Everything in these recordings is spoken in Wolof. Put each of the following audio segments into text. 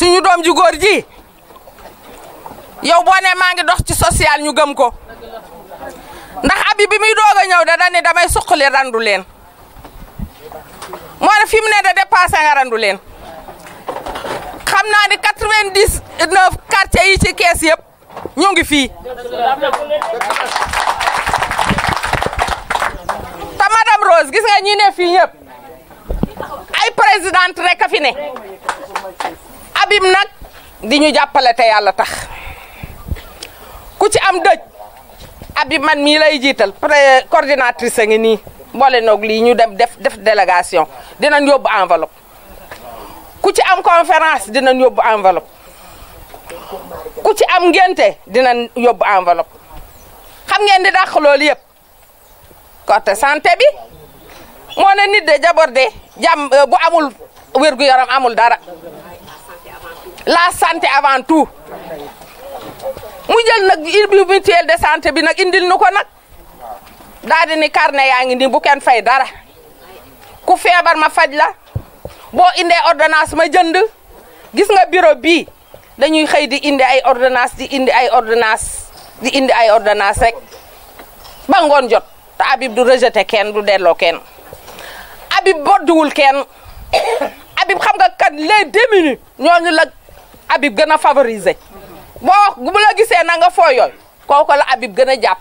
suñu doom ju góor ji yow boo ne maa ngi dox ci social ñu gëm ko ndax abi bi muy doog a ñëw da dañ ne damay suqali randu leen moo ne fi mu ne da dépassé nga randu leen xam naa ni quatre-vingt-dix-neuf quartiers yi ci kees yëpp ñu ngi fii te madame Rose gis nga ñi fii ñëpp ay présidente rek a fi ne Habib nag di ñu jàppale te yàlla tax ku ci am dëj Habib man mii lay jiital pré coordinatrice a ngi nii boole noog lii ñu dem def def délégation dina yóbbu enveloppe ku ci am conférence dina yóbbu envelop ku ci am ngénte dina yóbbu enveloppe xam ngeen di dàq loolu yëpp côté santé bi moo ne nit de jaborde jàmm euh, bu amul wér yaram amul dara la santé avant tout mu jël nag urbi mutuelle de santé bi nag indil nu ko nag daal di ni yaa ngi nii bu kenn fay dara ku feebar ma faj la boo indee ordonnance ma jënd gis nga bureau bii dañuy xëy di indi ay ordonnance di indi ay ordonnance di indi ay ordonnance rek ba ngoon jot te Habib du rejeté kenn du delloo kenn Habib bodduwul kenn Habib xam nga kan les deux minutes ñooñu la Habib gën a favoriser boo wax gisee na nga foo yooyu kooku la Habib gën a jàpp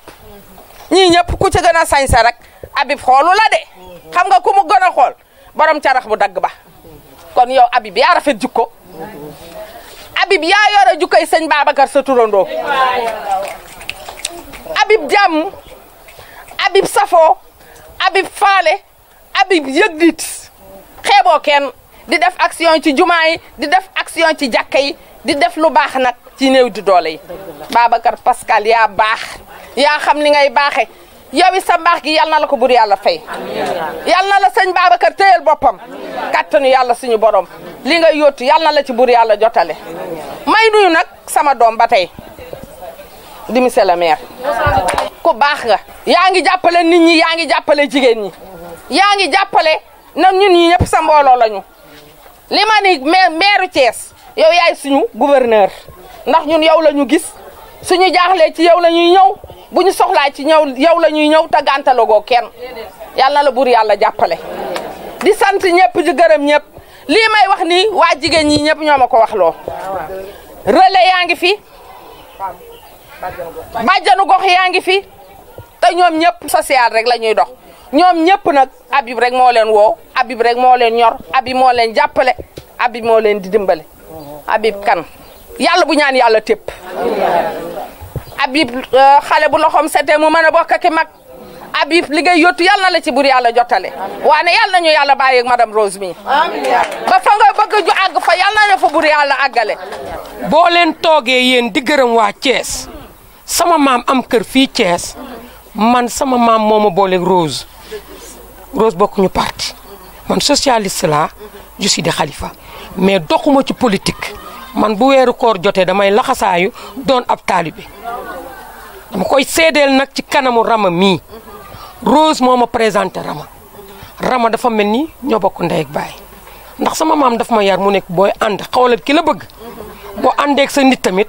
ñii ñëpp ku ci gën a sañse rek Habib xoolu de xam nga ku mu gën a xool borom carax bu dagg ba kon yow Habib yaa rafet jikko Habib yaa yore jukkoy sëñ Babacar sa turandoo Habib jàmm Habib safoo Habib faale Habib yëg nit di def action ci jumaa yi di def action ci jakkay di def lu bax nak ci néew di doole babakar Pascal ya bax ya xam li ngay baxé yow sa gi yalla na bur yalla fay yalla la sëñ babakar teyel bopam kattanu yalla suñu borom li nga yóotu yalla la ci bur yalla jotale may nuyu nak sama dom batay di monsieur le mère ku bax nga yaangi jappale nit ñi yaangi jappale jigen ñi yaangi jappale ñun ñi ñep sa mbolo lañu li ma ni meeru Thiès yow yaay suñu gouverneur ndax ñun yow la ñu gis suñu jaaxlee ci yow la ñuy ñëw bu ñu soxlaa ci ñaw yow la ñuy ñëw te gàntalagoo kenn yàlla la buur yàlla jàppale. di sant ñëpp di gërëm ñëpp lii may wax ni waa jigéen ñi ñëpp ñoo ma ko wax loo yaa ngi fi bàjjanu gox yaa ngi fi te ñoom ñëpp social rek la ñuy dox. ñoom ñëpp nag abib rek moo leen woo Habib rek moo leen ñor Habib moo leen jàppale Habib moo leen di dimbale Habib kan yàlla bu ñaan yàlla tépp Habib euh, xale bu loxoom setee mu mën a bokk ak mag Habib li ngay yottu yàlla na la ci bur yàlla jottale waane yàlla nañu yàlla bàyyi ak madame Rose mi ba fa nga bëgg ju fa yàlla na fa bur yàlla boo leen toogee yéen di gërëm waa Thiès sama maam am kër fii Thiès man sama maam moo ma booleeg Rose Rose bokkuñu parti man socialiste la je suis de Khalifa mais doxuma ci politique man bu weeru koor jotee damay laxasaayu doon ab taalibe dama koy seedeel nag ci kanamu Rama mii Rose moo ma présenté Rama Rama dafa mel ni ñoo bokk ndey ak baay ndax sama maam dafa ma yar mu nekk booy ànd xawalal ki la bëgg boo àndeek sa nit tamit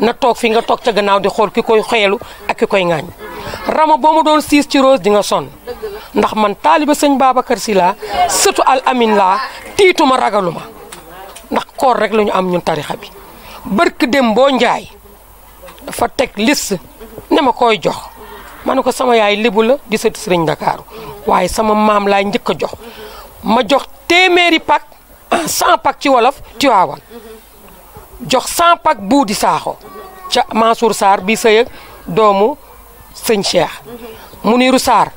na tok fi nga tok ca gannaaw di xool ki koy xoyelu ak ki koy ŋaañ rama boo ma doon siis ci rose di nga son ndax man taaliba sëñ babacar si laa sëtu al amin laa tiituma ragaluma ndax koor rek lañu am ñun tarixa bi bark dem boo njaay dafa teg liste ne ma koy jox ma ne ko sama yaay libu la di sëti sëriñ dakaaru waaye sama maam laay njëkk a jox ma jox téeméeri pak en cent pak ci wolof ci jox 100 pak buu di saxo ca Mansour sar bi seuy doomu seigne Cheikh mhm. Muniru sar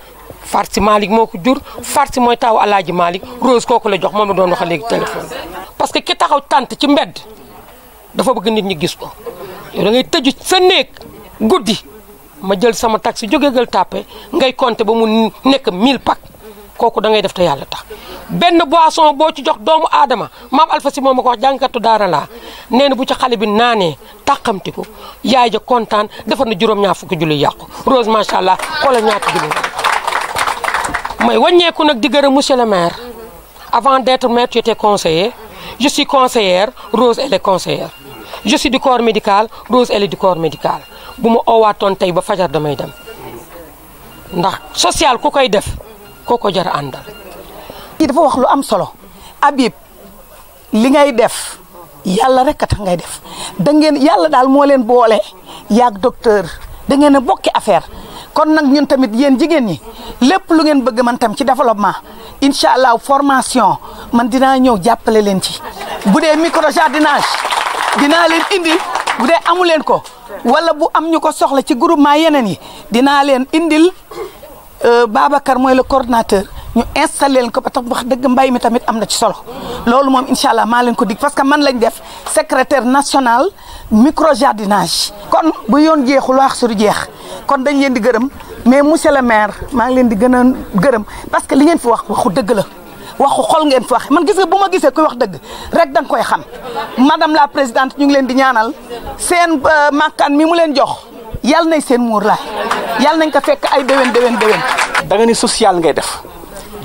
Farsi malik moko jur Farsi moy taw alaaji malik Rose kooku la jox mom do wax legui telephone parce que ki taxaw tante ci mbedd dafa bëgg nit ñi gis ko da ngay tëju sa neek goudi ma jël sama taxi jógeegal tapé ngay compter ba mu nekk 1000 pack kooku da ngay def ta yalla tax ben boisson bo ci jox doomu adama mam Alpha si moom ko wax jankatu dara la nee bu ci xali bi naanee tàqamtiku yaay ja contane defal na juróom-ñaar fukki julli yaq rose macha allah la ñaat julli may wagne ko nak gërëm monsieur le maire avant d'être maire tu étais conseiller je suis conseillère rose elle est conseillère je suis du corps médical rose elle est du corps médical bu ma oowaatoon tey ba fajar damay dem ndax social ku koy def koko jar kii dafa wax lu am solo Habib li ngay def yàlla rek a tax ngay def da ngeen yàlla daal moo leen boole yaag docteur da ngeen a bokki affaire kon nag ñun tamit yéen jigéen ñi lépp lu ngeen bëgg man tam ci développement incha allah formation man dinaa ñëw jàppale leen ci bu dee micro jardinage dinaa leen indi bu dee amu leen ko wala bu am ñu ko soxla ci groupement yeneen yi dinaa leen indil euh, Babacar mooy le coordinateur ñu installé leen ko ba tax wax deug mbay mi tamit amna ci solo lolou mom inshallah allah leen ko dig parce que man lañ def secrétaire national micro jardinage kon bu yoon jeexul wax suru jeex kon dañ leen di gëreum mais monsieur le maire ma ngi leen di gëna gëreum parce que li ngeen fi wax waxu deug la waxu xol ngeen fi wax man gis nga buma gisse kuy wax deug rek dang koy xam madame la présidente ñu ngi leen di ñaanal sen euh, makan mi mu leen jox yalla nañ sen mour la yalla nañ ko fekk ay dewen dewen dewen da nga ni social ngay def.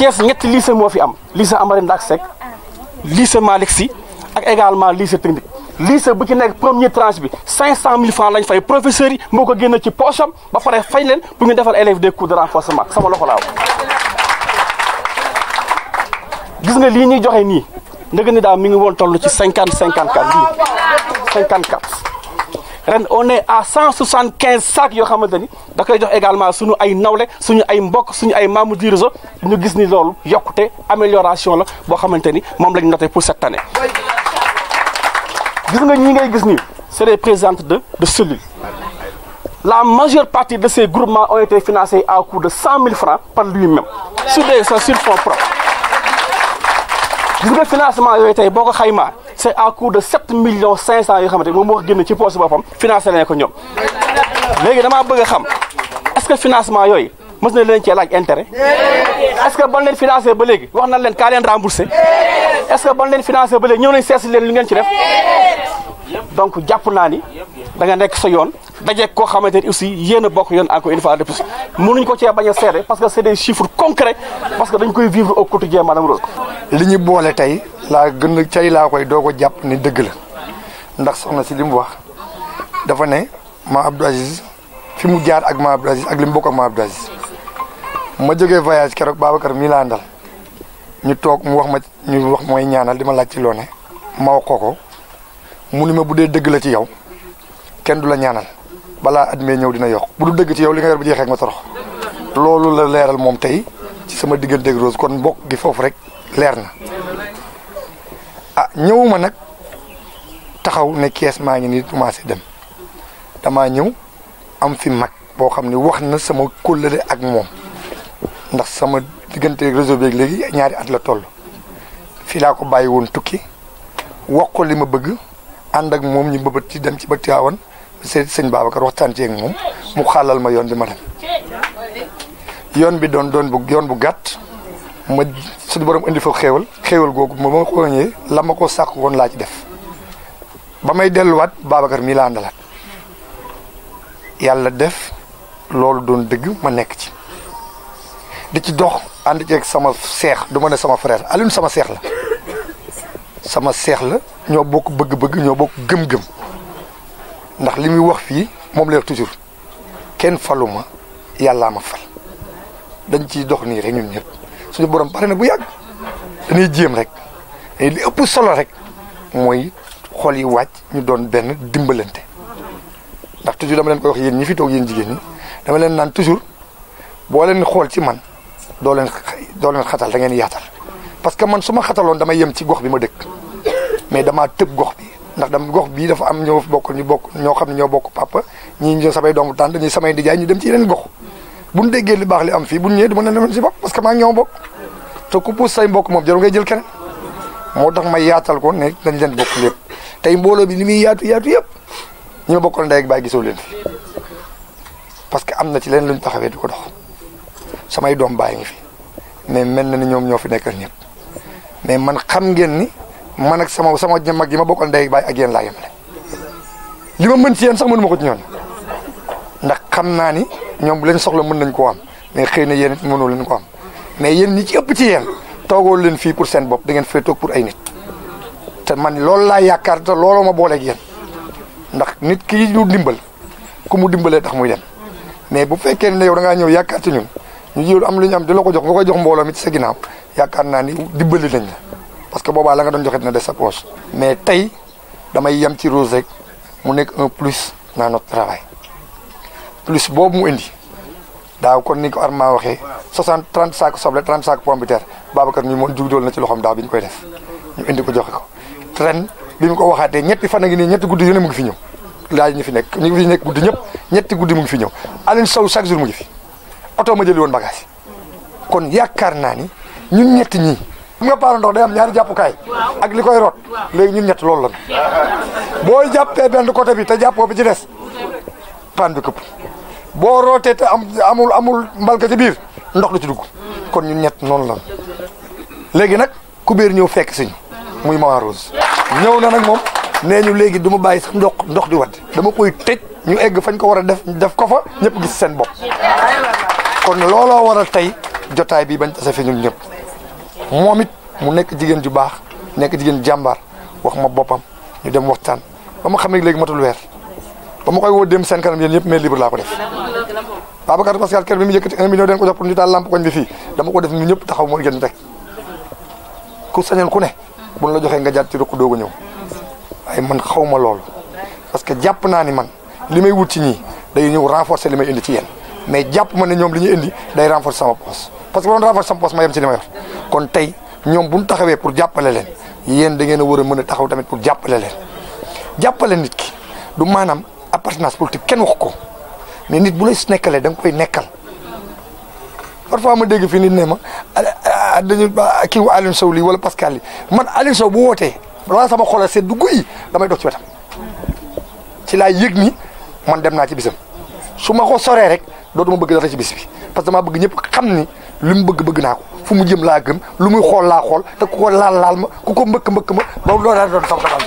Thiès ñetti lycée mo fi am lycée amarin Ndack Seck lycée Malick Sy ak également lycée technique lycée bu ci nek premier tranche bi 500000 francs lañ fay professeurs yi moo génné ci poche am ba paré fay leen pour ñu défal élèves des cours de renforcement sama loxo laaw gis nga li ñuy joxé ni ndëgg ni daal mi ngi woon toll ci 50 54 54 on est à 175 sacs yo xamanteni da koy jox également suñu ay nawlé suñu ay mbokk suñu ay membre du ñu gis ni loolu yokkute amélioration la bo xamanteni mom lañ noté pour cette année. gis nga ñi ngay gis ni c'est les présidentes de de celui. la majeure partie de ces groupements ont été financés à coût de 100 000 francs par lui-même sur des sur fonds propres. gis nga financement yooyu tey boo ko xaymaa c'est à coût de sept millions cinq cent yoo xamante moom moo génn ci poche boppam financé nañ ko ñoom léegi damaa bëgg a xam est-ce que financement yooyu mës na leen cee laaj intérêt est-ce que ban leen financé ba léegi wax na leen kaa leen remboursé est-ce que ban leen financé ba léegi ñëw nañ seesi leen lu ngeen ci def donc jàpp naa ni da nga nekk sa yoon daje koo xamante ni aussi yéen a bokk yoon encore une fois de plus mënuñ ko cee bañ a seede parce que c'est des chiffres concrets parce que dañ koy vivre au quotidien maanaam Rose. li ñu boole tey laa gën a cay laa koy doo ko jàpp ni dëgg la ndax soxna si li mu wax dafa ne ma Abdou Aziz fi mu jaar ak ma Abdou Aziz ak li mu bokk ma Abdou Aziz ma jógee voyage keroog Babacar mii laa àndal ñu toog mu wax ma ñu wax mooy ñaanal di ma laaj ci loone ma wax ko ko mu ni ma bu dee dëgg la ci yow kenn du la ñaanal balaa at mee ñëw dina yokk bu du dëgg ci yow li nga yor bu jeexee nga torox loolu la leeral moom tey ci sama digganteeg Rose kon mbokk gi foofu rek leer na ah ñëwuma nag taxaw ne kees maa ngi nii commencé dem damaa ñëw am fi mag boo xam ne wax na sama kóllëre ak moom ndax sama digganteeg réseau bi léegi ñaari at la toll fii laa ko bàyyi woon tukki wax ko li ma bëgg. ànd ak moom ñu bëbët ci dem ci ba Tiwaawan seet sëñ Babacar waxtaan ci ak moom mu xaalal ma yoon bi ma dem yoon bi doon doon bu yoon bu gàtt ma suñu borom indi fa xéewal xéewal googu ma ma ko ñëwee la ma ko sàkk woon laa ci def ba may delluwaat Babacar mii la àndalaat yàlla def loolu doon dëgg ma nekk ci di ci dox ànd ceeg sama seex du ma ne sama frère Alioune sama seex la sama seex la ñoo bokk bëgg-bëgg ñoo bokk gëm-gëm ndax li muy wax fii moom la wax toujours kenn falu ma yàllaa ma fal dañ ciy dox nii rek ñun ñëpp suñu borom pare na bu yàgg dañuy jéem rek li ëpp solo rek mooy xool yi wàcc ñu doon benn dimbalante ndax toujours dama leen koy wax yéen ñi fi toog yéen jigéen ñi dama leen naan toujours boo leen xool ci man doo leen doo leen xatal da ngeen yaatal. parce que man su ma xataloon damay yem ci gox bi ma dëkk mais damaa tëb gox bi ndax dam gox bii dafa am ñoo bokk ñu bokk ñoo xam ne ñoo bokk papa ñii ñoo samay doom tànt ñii samay ndijaay ñu dem ci yeneen gox bu ñu déggee li baax li am fii bu ñu ñëwee du ma ne leen si bokk parce que maa say mbokk moom jarul ngay jël keneen moo tax may yaatal ko ne dañ leen bokk tey mbooloo bi li muy yaatu yaatu yëpp ñi ma bokkoon ndey ak leen fi parce que am na ci leen lu ñu taxawee ko dox samay doom bàyyi ngi fi mais mel na ni ñoom ñoo fi nekk ñëpp mais man xam ngeen ni man ak sama sama mag yi ma bokkal nday bay ak yeen la yam li ma mën ci yeen sax mënuma ko ci ñoon ndax xam naa ni ñoom bu leen soxla mën nañ ko am mais xëy na yéen it leen ko am mais yeen ñi ci ëpp ci yeen togo leen fi pour seen bop da ngeen fay tok pour ay nit te man lool la yaakar te loolu ma boole ak yeen ndax nit ki ñu dimbal ku mu dimbalé tax muy dem mais bu fekkee ne yow da ngaa ñëw yaakaar ci ñun ñu jël am lu am di la ko jox nga koy jox mbooloo mi ci sa ginnaaw yaakaar na ni dibbali nañ la parce que boba la nga don joxe na de sa poche mais tay damay yam ci rose rek mu nek un plus na notre travail plus bobu mu indi da ko ni ko Arma waxe 60 30 sac soble 30 sac pomme de terre Babacar mi moom jugdool na ci loxoom da biñ koy def ñu indi ko joxe ko tren bi ko waxate ñetti fan a ngi nii ñetti guddi yene mu ngi fi ñew laaj ñu fi nek ñu fi nek guddi ñep ñetti guddi mu ngi fi ñew Aline saw chaque jour mu ngi fi auto ma jëli won bagage kon yakarna ni ñun ñett ñi xam nga paano ndox day am ñaari jàppukaay ak li koy root léegi ñun ñett loolu la boo jàppee benn côté bi te jàppoo bi ci des paan bi këpp boo rootee te am amul amul mbalka ci biir ndox du ci dugg kon ñun ñett noonu la léegi nag ku biir ñëw fekk siñu muy Maman Rose ñëw na nag moom nee ñu léegi duma ma bàyyi sax ndox ndox di wadd dama koy tëj ñu egg fañ ko war a def def ko fa ñëpp gis seen bopp kon looloo war a tey jotaay bii bañ tase fi ñun ñëpp momit mu nek jigen ju bax nek jigen jambar wax ma bopam ñu dem waxtan bama xamé xam matul weer bama koy wo dem sen kanam yeen yep mais libre la ko def Babacar Pascal kër bi mu yëkkati 1 million den ko jox pour ñu taal lamp koñ bi fi dama ko def ñu ñep taxaw mo gën rek ku sañal ku ne bu la joxe nga jaar ci doogu ñew ay man xawma lool parce que japp na ni man limay wut ci ñii day ñew renforcer limay indi ci yeen mais japp ma ne ñom li ñuy indi day renforcer sama poste parce que bu renforcer sama poste ma yam ci li ma yor kon tey ñoom bu ñu taxawee pour jàppale leen yéen da ngeen a war a mën a taxaw tamit pour jàppale leen jàppale nit ki du maanaam appartenance politique kenn wax ko mais nit bu lay nekkalee danga koy nekkal parfois ma dégg fii nit ne ma ah, ah, ah, dañu kii wa Aliou Sow lii wala Pascal lii man Aliou Sow bu wootee wala sama xol seet du guy damay dox ci wetam ci laay yëg ni man dem naa ci bisam su ma ko soree rek dootuma bëgg dara ci bis bi parce que damaa bëgg ñëpp xam ni. li mu bëgg bëgg naa ko fu mu jëm laa gëm lu muy xool laa xool te ku ko laal laal ma ku ko mbëkk mbëkk ma ba loolu daal doon toog daal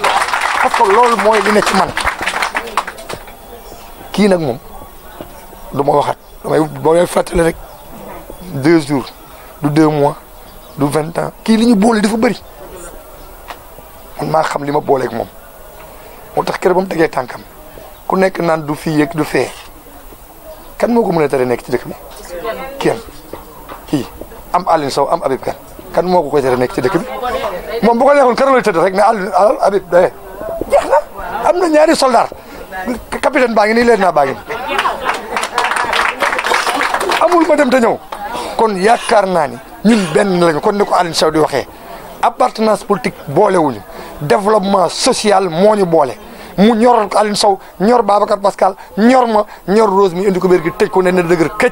parce loolu mooy li ne ci kii nag moom du ma waxaat damay boo rek deux jours du deux mois du vingt ans kii li ñu boole dafa bari man maa xam li ma booleek moom moo tax kër ba mu tegee tànkam ku nekk naan du fii yëg du fee kan moo ko mën a tare nekk ci dëkk bi kenn. kii am Alioune Sow am Habib Kane kan moo ko koy tere nekk ci dëkk bi moom bu ko neexoon kër la tëdd rek ne Alioune alal Habib eh, na am na ñaari soldat capitaine baa ngi nii leen naa baa ngi amul ma dem te ñëw kon yaakaar naa ni ñun benn lañu kon ni ko Alioune Sow di waxee appartenance politique boolewuñu développement social moo ñu boole mu ñor Alioune Sow ñor Babacar Pascal ñor ma ñor Rose mi indi ko bér gi tëj ko ne na dëgër këj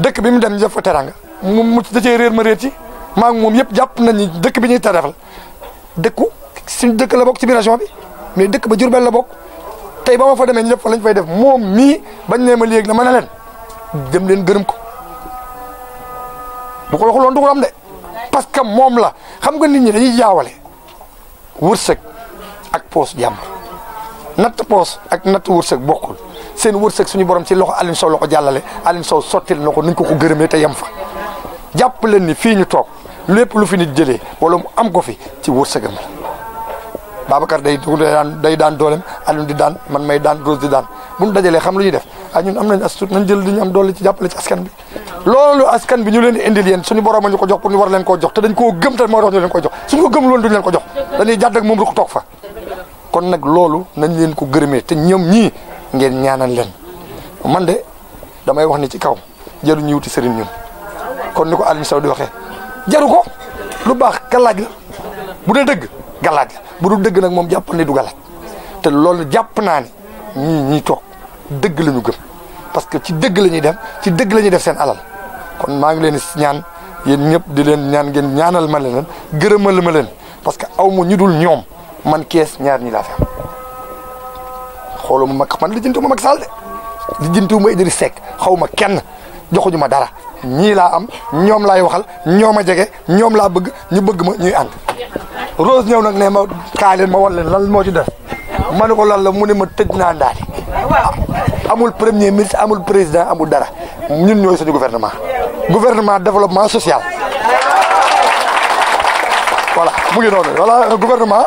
dëkk bi mu dem ñu def ko teranga mu mu da cee réer ma réer ti maa ngi moom yëpp jàpp nañu dëkk bi ñuy terefal dëkku suñ dëkk la bokk ci biir région bi mais dëkk ba jur Jurbel la bokk tey ba ma fo demee ñëpp fa lañ fay def moom mii bañ ne ma léegi na ma ne dem leen gërëm ko bu ko waxul woon du ko am de parce que moom la xam nga nit ñi dañuy jaawale wërsëg ak poos jàmm natt poos ak natt wërsëg bokkul. seen wërsëg suñu borom ci loxo Alioune Sow la ko jàllale Alioune Sow sottil na ko ni ko ko gërëmee te yem fa jàpp leen ni fii ñu toog lépp lu fi nit jëlee wala mu am ko fi ci wërsëgam la Babacar day daan day daan doolem Alioune di daan man may daan Rose di daan bu ñu xam lu ñuy def ah ñun am nañ as tuut nañ jël li ñu am doole ci jàppale askan bi loolu askan bi ñu leen di indil suñu borom a ñu ko jox pour ñu war leen koo jox te dañ koo gëm te moo tax ñu leen koy jox suñu ko gëm loon duñ leen ko jox dañuy jàdd ak moom rek toog fa kon nag loolu nañ leen ko gërëmee te ñoom ñii ngeen ñaanal leen man de damay wax ni ci kaw jëru ñu wuti ñun kon niko alim saw di waxe lubah ko lu bax galaaj la bu de deug galaaj bu du deug nak mom jàpp ni du galaaj te loolu japp naa ni ñi gëm parce que ci deug lañu dem ci deug lañu def seen alal kon maa ngi leen nyep ñaan yéen ñëpp di leen ñaan ngeen ñaanal ma leen gërëmal ma leen parce que aw ñoom man kees ñaar ñi laa fi xoluma mak man li jintuma mak sal de lijeentu ma idris sek xawma kenn joxuñuma dara ñi la am ñom lay waxal ñoma jégué ñom la bëgg ñu bëgg ma ñuy and rose ñew nak né ma ka ma won leen lan mo ci def maniko lan la mu ne ma tejj na amul premier ministre amul président amul dara ñun ñoy suñu gouvernement gouvernement développement social voilà mu ngi nonu voilà gouvernement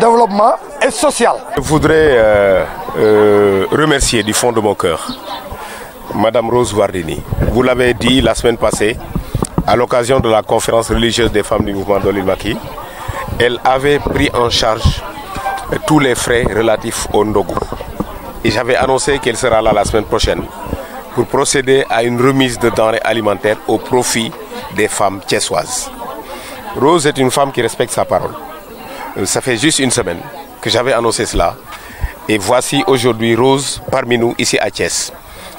développement et social je voudrais euh... Euh, remercier du fond de mon cœur Madame Rose Wardini. Vous l'avez dit la semaine passée, à l'occasion de la conférence religieuse des femmes du mouvement d'Olimaki, elle avait pris en charge tous les frais relatifs au Ndogu. Et j'avais annoncé qu'elle sera là la semaine prochaine pour procéder à une remise de denrées alimentaires au profit des femmes tchessoises. Rose est une femme qui respecte sa parole. Euh, ça fait juste une semaine que j'avais annoncé cela et voici aujourd'hui Rose parmi nous ici à Thiès,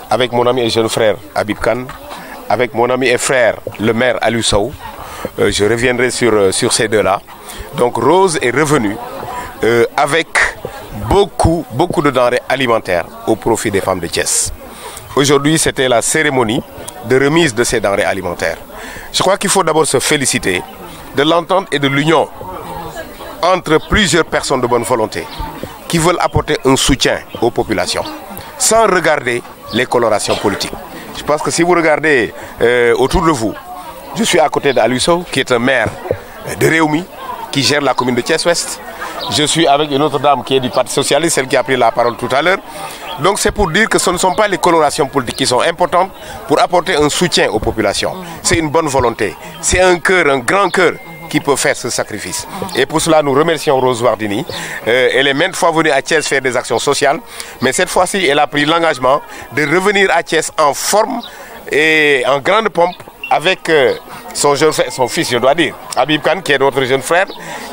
avec mon ami et jeune frère Abib Khan, avec mon ami et frère le maire Alussaou. Euh, je reviendrai sur, euh, sur ces deux-là. Donc Rose est revenue euh, avec beaucoup, beaucoup de denrées alimentaires au profit des femmes de Thiès. Aujourd'hui, c'était la cérémonie de remise de ces denrées alimentaires. Je crois qu'il faut d'abord se féliciter de l'entente et de l'union entre plusieurs personnes de bonne volonté qui veulent apporter un soutien aux populations, sans regarder les colorations politiques. Je pense que si vous regardez euh, autour de vous, je suis à côté d'Aluisson, qui est un maire de Réumi, qui gère la commune de Thiès-Ouest. Je suis avec une autre dame qui est du Parti Socialiste, celle qui a pris la parole tout à l'heure. Donc c'est pour dire que ce ne sont pas les colorations politiques qui sont importantes pour apporter un soutien aux populations. C'est une bonne volonté, c'est un cœur, un grand cœur peut faire ce sacrifice. Et pour cela, nous remercions Rose Wardini. Euh, elle est maintes fois venue à Thiès faire des actions sociales, mais cette fois-ci, elle a pris l'engagement de revenir à Thiès en forme et en grande pompe avec euh, son, fils, je dois dire, Habib Khan, qui est notre jeune frère,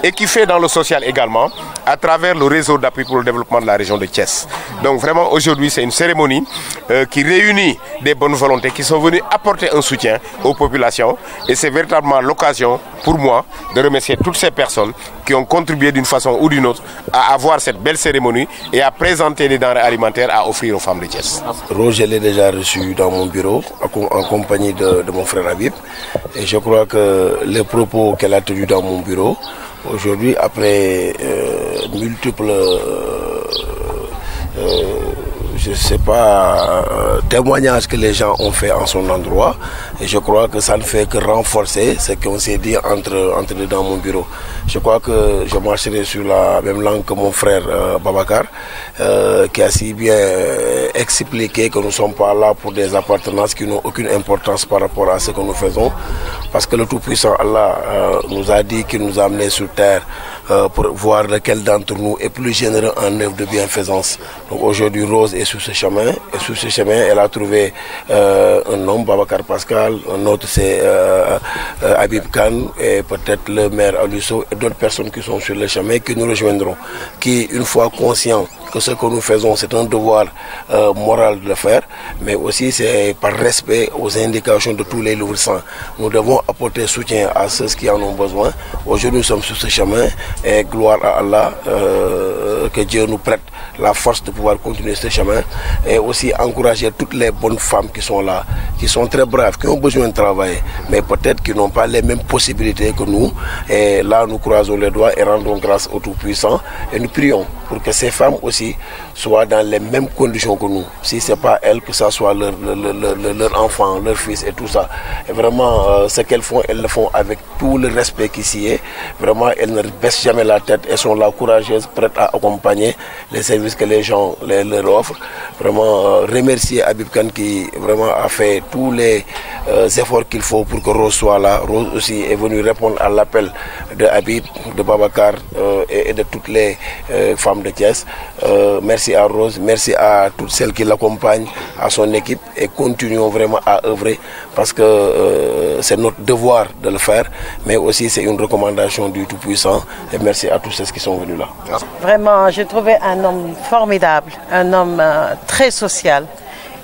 et qui fait dans le social également, à travers le réseau d'appui pour le développement de la région de Thiès. Donc vraiment, aujourd'hui, c'est une cérémonie euh, qui réunit des bonnes volontés qui sont venues apporter un soutien aux populations, et c'est véritablement l'occasion pour moi de remercier toutes ces personnes qui ont contribué d'une façon ou d'une autre à avoir cette belle cérémonie et à présenter les denrées alimentaires à offrir aux femmes de Thiès. Roger l'ai déjà reçu dans mon bureau en compagnie de, mon frère Habib. Et je crois que les propos qu'elle a tenus dans mon bureau, aujourd'hui, après euh, multiples euh, euh, je ne sais pas, euh, témoignage que les gens ont fait en son endroit. Et je crois que ça ne fait que renforcer ce qu'on s'est dit entre, entre dans mon bureau. Je crois que je marcherai sur la même langue que mon frère euh, Babacar, euh, qui a si bien expliqué que nous ne sommes pas là pour des appartenances qui n'ont aucune importance par rapport à ce que nous faisons. Parce que le Tout-Puissant Allah nous a dit qu'il nous a amenés sur terre euh, pour voir lequel d'entre nous est plus généreux en œuvre de bienfaisance. Donc aujourd'hui, Rose est sur ce chemin. Et sur ce chemin, elle a trouvé euh, un homme, Babacar Pascal, un autre c'est euh, euh Habib Khan et peut-être le maire Alusso et d'autres personnes qui sont sur le chemin qui nous rejoindront, qui, une fois conscients que ce que nous faisons, c'est un devoir euh, moral de le faire, mais aussi c'est par respect aux indications de tous les louvres saints. Nous devons apporter soutien à ceux qui en ont besoin. Aujourd'hui, nous sommes sur ce chemin et gloire à Allah euh, que Dieu nous prête la force de pouvoir continuer ce chemin et aussi encourager toutes les bonnes femmes qui sont là, qui sont très braves, qui ont besoin de travailler, mais peut-être qui n'ont pas les mêmes possibilités que nous. Et là, nous croisons les doigts et rendons grâce au Tout-Puissant et nous prions pour que ces femmes aussi soient dans les mêmes conditions que nous. Si ce n'est pas elles, que ce soit leur, enfant, leur fils et tout ça. Et vraiment, euh, ce qu'elles font, elles le font avec tout le respect qui s'y est. Vraiment, elles ne baissent jamais la tête, elles sont là courageuses, prêtes à accompagner les services Puisque que les gens les, leur offrent. Vraiment euh, remercier Abib Khan qui vraiment a fait tous les euh, efforts qu'il faut pour que Rose soit là. Rose aussi est venue répondre à l'appel de Habib, de Babacar euh, et, de toutes les femmes de Thiès. merci à Rose, merci à toutes celles qui l'accompagnent, à son équipe et continuons vraiment à œuvrer parce que c'est notre devoir de le faire, mais aussi c'est une recommandation du Tout-Puissant et merci à tous ceux qui sont venus là. Vraiment, j'ai trouvé un homme formidable, un homme euh, très social,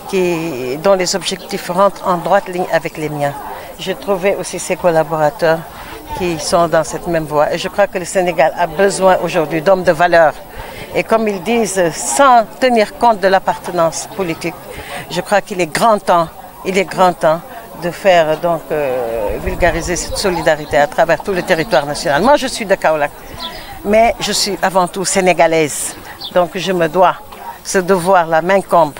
qui, dont les objectifs rentrent en droite ligne avec les miens. J'ai trouvé aussi ses collaborateurs qui sont dans cette même voie. Et je crois que le Sénégal a besoin aujourd'hui d'hommes de valeur. Et comme ils disent, sans tenir compte de l'appartenance politique, je crois qu'il est grand temps, il est grand temps de faire donc euh, vulgariser cette solidarité à travers tout le territoire national. Moi, je suis de Kaolack, mais je suis avant tout sénégalaise. Donc je me dois, ce devoir-là comble,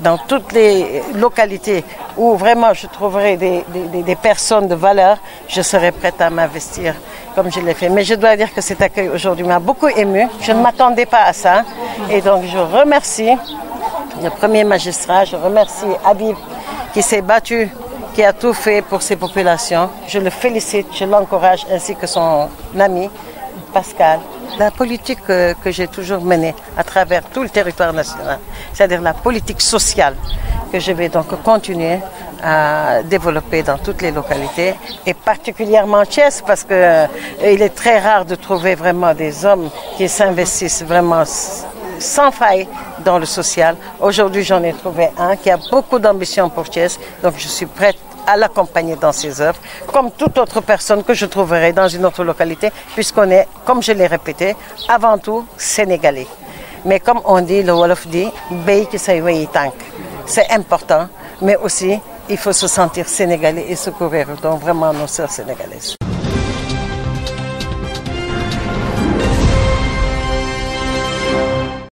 Dans toutes les localités où vraiment je trouverai des, personnes de valeur, je serai prête à m'investir comme je l'ai fait. Mais je dois dire que cet accueil aujourd'hui m'a beaucoup ému. Je ne m'attendais pas à ça. Et donc je remercie le premier magistrat, je remercie Habib qui s'est battu, qui a tout fait pour ces populations. Je le félicite, je l'encourage ainsi que son ami Pascal. La politique euh, que, j'ai toujours menée à travers tout le territoire national, c'est-à-dire la politique sociale que je vais donc continuer à développer dans toutes les localités et particulièrement Thiès parce que euh, il est très rare de trouver vraiment des hommes qui s'investissent vraiment sans faille dans le social. Aujourd'hui, j'en ai trouvé un qui a beaucoup d'ambition pour Thiès, donc je suis prête à l'accompagner dans ses œuvres, comme toute autre personne que je trouverai dans une autre localité, puisqu'on est, comme je l'ai répété, avant tout sénégalais. Mais comme on dit, le Wolof dit, c'est important, mais aussi il faut se sentir sénégalais et se couvrir donc vraiment nos sœurs sénégalaises.